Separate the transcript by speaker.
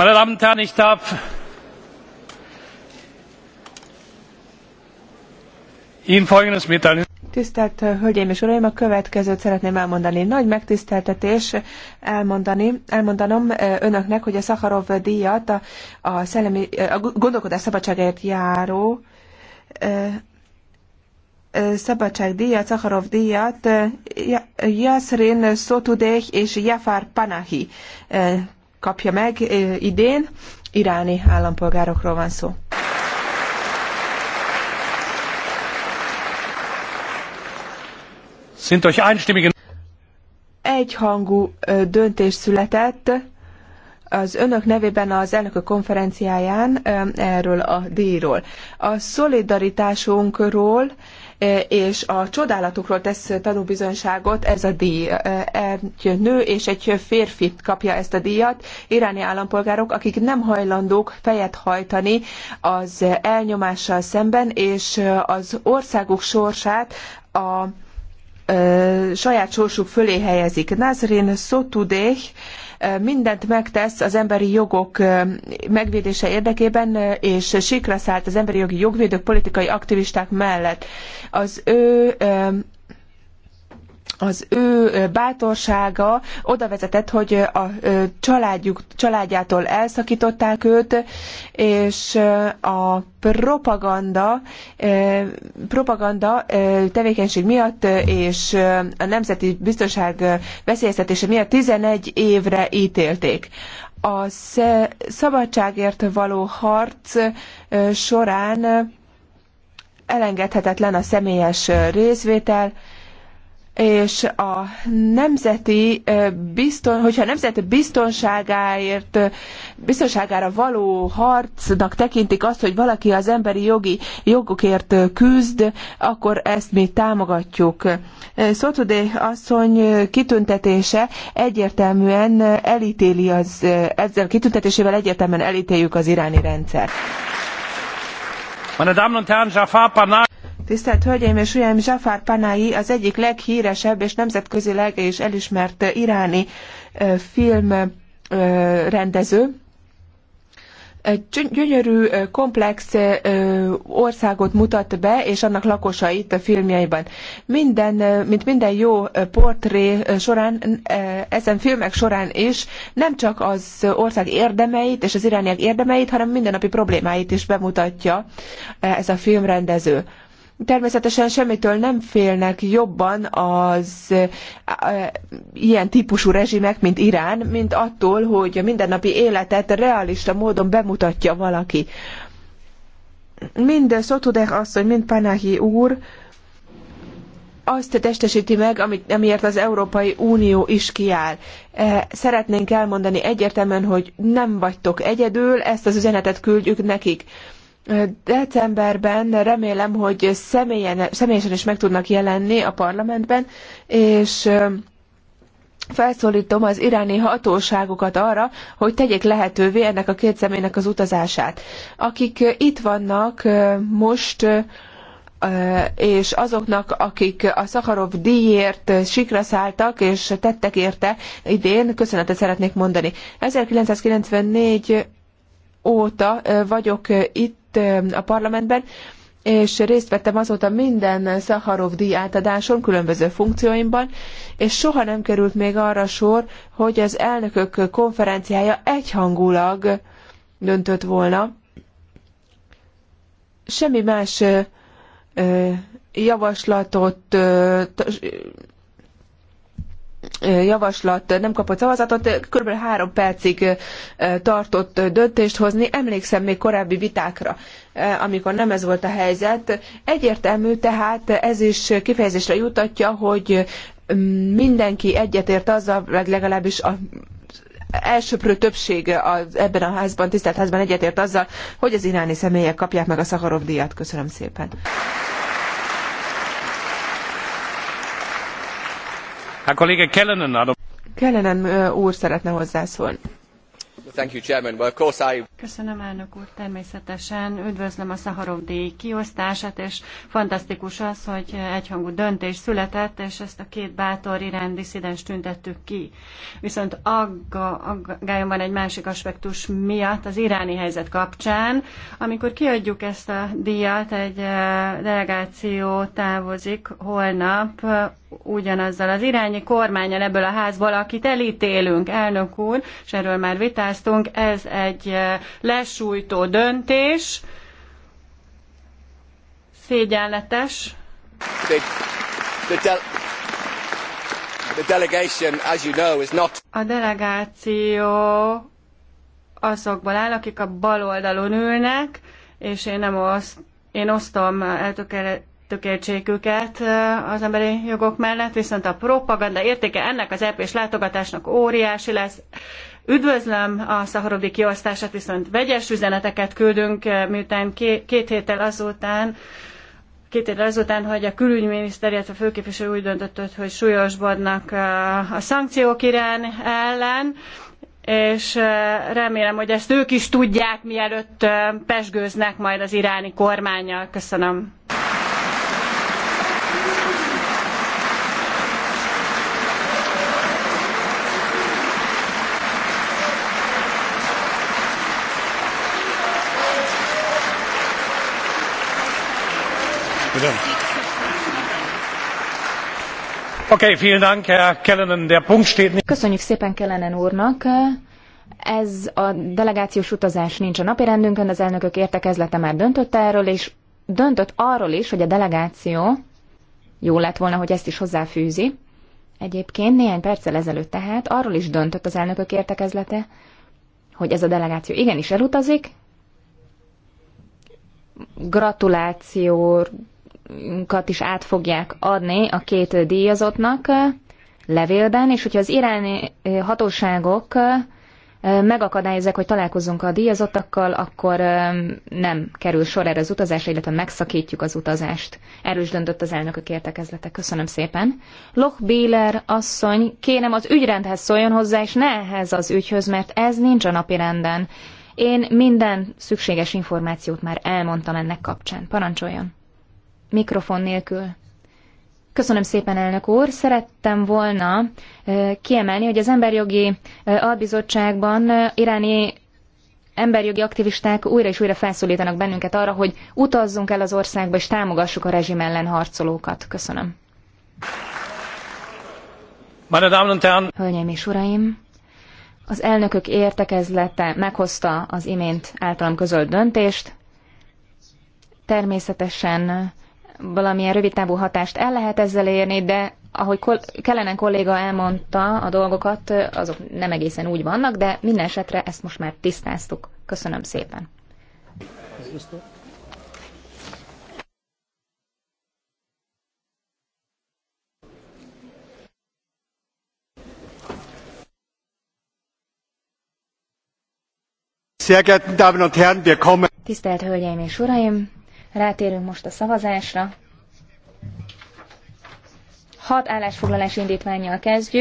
Speaker 1: meine damen und herren ich darf ihnen folgendes mitteilen
Speaker 2: Tisztelt eh, Hölgyeim és Uraim, a következőt szeretném elmondani. Nagy megtiszteltetés elmondani, elmondanom eh, önöknek, hogy a Szaharov díjat a, a, szellemi, eh, a gondolkodás szabadságért járó szabadságdíjat, Szaharov díjat Yasrin Sotudeh és Jafar Panahi kapja meg idén. Iráni állampolgárokról van szó. egyhangú döntés született az önök nevében az elnökök konferenciáján erről a díjról. A szolidaritásunkról és a csodálatukról tesz tanúbizonyságot ez a díj. Egy nő és egy férfi kapja ezt a díjat, iráni állampolgárok, akik nem hajlandók fejet hajtani az elnyomással szemben, és az országuk sorsát a saját sorsuk fölé helyezik. Nazrin Sotudeh mindent megtesz az emberi jogok megvédése érdekében, és sikra szállt az emberi jogi jogvédők, politikai aktivisták mellett. Az ő az ő bátorsága oda vezetett, hogy a családjuk, családjától elszakították őt, és a propaganda, propaganda tevékenység miatt és a nemzeti biztonság veszélyeztetése miatt 11 évre ítélték. A szabadságért való harc során elengedhetetlen a személyes részvétel, és a nemzeti bizton, hogyha a nemzet biztonságáért, biztonságára való harcnak tekintik azt, hogy valaki az emberi jogi jogokért küzd, akkor ezt mi támogatjuk. Szotudé asszony kitüntetése egyértelműen elítéli az, ezzel a kitüntetésével egyértelműen elítéljük az iráni rendszert.
Speaker 1: Meine Damen und Herren, Jafar Panay
Speaker 2: Tisztelt Hölgyeim és Uraim, Zsafár Panahi az egyik leghíresebb és nemzetközileg és elismert iráni filmrendező. Egy gyönyörű, komplex országot mutat be, és annak lakosait a filmjeiben. Minden, mint minden jó portré során, ezen filmek során is nem csak az ország érdemeit és az irániak érdemeit, hanem mindennapi problémáit is bemutatja ez a filmrendező Természetesen semmitől nem félnek jobban az eh, ilyen típusú rezsimek, mint Irán, mint attól, hogy a mindennapi életet realista módon bemutatja valaki. Mind Szotudek asszony, mind Panahi úr azt testesíti meg, amit, amiért az Európai Unió is kiáll. Eh, szeretnénk elmondani egyértelműen, hogy nem vagytok egyedül, ezt az üzenetet küldjük nekik. Decemberben remélem, hogy személyen, személyesen is meg tudnak jelenni a parlamentben, és felszólítom az iráni hatóságokat arra, hogy tegyék lehetővé ennek a két személynek az utazását. Akik itt vannak most, és azoknak, akik a Szaharov díjért sikra szálltak és tettek érte idén, köszönetet szeretnék mondani. 1994 óta vagyok itt, itt a parlamentben, és részt vettem azóta minden Szaharov díj átadáson, különböző funkcióimban, és soha nem került még arra sor, hogy az elnökök konferenciája egyhangulag döntött volna. Semmi más javaslatot javaslat nem kapott szavazatot, kb. három percig tartott döntést hozni. Emlékszem még korábbi vitákra, amikor nem ez volt a helyzet. Egyértelmű tehát ez is kifejezésre jutatja, hogy mindenki egyetért azzal, legalábbis a elsőprő többség az, ebben a házban, tisztelt házban egyetért azzal, hogy az iráni személyek kapják meg a Szaharov díjat. Köszönöm szépen.
Speaker 1: Herr Kollege Kellenen,
Speaker 2: Kellenen úr szeretne hozzászólni.
Speaker 1: Köszönöm, elnök úr. Természetesen üdvözlöm a Szaharov díj kiosztását, és fantasztikus az, hogy egyhangú döntés született, és ezt a két bátor irán diszidens tüntettük ki. Viszont agga, aggályom van egy másik aspektus miatt az iráni helyzet kapcsán. Amikor kiadjuk ezt a díjat, egy delegáció távozik holnap ugyanazzal az irányi kormányal ebből a házból, akit elítélünk, elnök úr, és erről már vitáztunk, ez egy eh, lesújtó döntés, szégyenletes. The, delegation, as you know, is not... A delegáció azokból áll, akik a bal oldalon ülnek, és én nem oszt, én osztom eltökélet, őket az emberi jogok mellett, viszont a propaganda értéke ennek az ep látogatásnak óriási lesz. Üdvözlöm a szaharodi kiosztását, viszont vegyes üzeneteket küldünk, miután két héttel azután, két héttel azután, hogy a külügyminiszter, illetve a főképviselő úgy döntött, hogy súlyosbodnak a szankciók Irán ellen, és remélem, hogy ezt ők is tudják, mielőtt pesgőznek majd az iráni kormányjal. Köszönöm.
Speaker 3: Köszönjük szépen Kellenen úrnak. Ez a delegációs utazás nincs a napirendünkön, az elnökök értekezlete már döntött erről, és döntött arról is, hogy a delegáció, jó lett volna, hogy ezt is hozzáfűzi, egyébként néhány perccel ezelőtt tehát arról is döntött az elnökök értekezlete, hogy ez a delegáció igenis elutazik, gratulációt díjakat is át fogják adni a két díjazottnak levélben, és hogyha az iráni hatóságok megakadályozzák, hogy találkozzunk a díjazottakkal, akkor nem kerül sor erre az utazásra, illetve megszakítjuk az utazást. Erről is döntött az elnökök értekezlete. Köszönöm szépen. Loch Béler asszony, kérem az ügyrendhez szóljon hozzá, és ne ehhez az ügyhöz, mert ez nincs a napi renden. Én minden szükséges információt már elmondtam ennek kapcsán. Parancsoljon! Mikrofon nélkül. Köszönöm szépen, elnök úr. Szerettem volna kiemelni, hogy az Emberjogi Albizottságban iráni emberjogi aktivisták újra és újra felszólítanak bennünket arra, hogy utazzunk el az országba és támogassuk a rezsim ellen harcolókat. Köszönöm. Hölgyeim és uraim! Az elnökök értekezlete meghozta az imént általam közölt döntést. Természetesen valamilyen távú hatást el lehet ezzel érni, de ahogy kol- kellene kolléga elmondta a dolgokat, azok nem egészen úgy vannak, de minden esetre ezt most már tisztáztuk. Köszönöm szépen. Tisztelt Hölgyeim és Uraim! Rátérünk most a szavazásra. Hat állásfoglalás indítványjal kezdjük.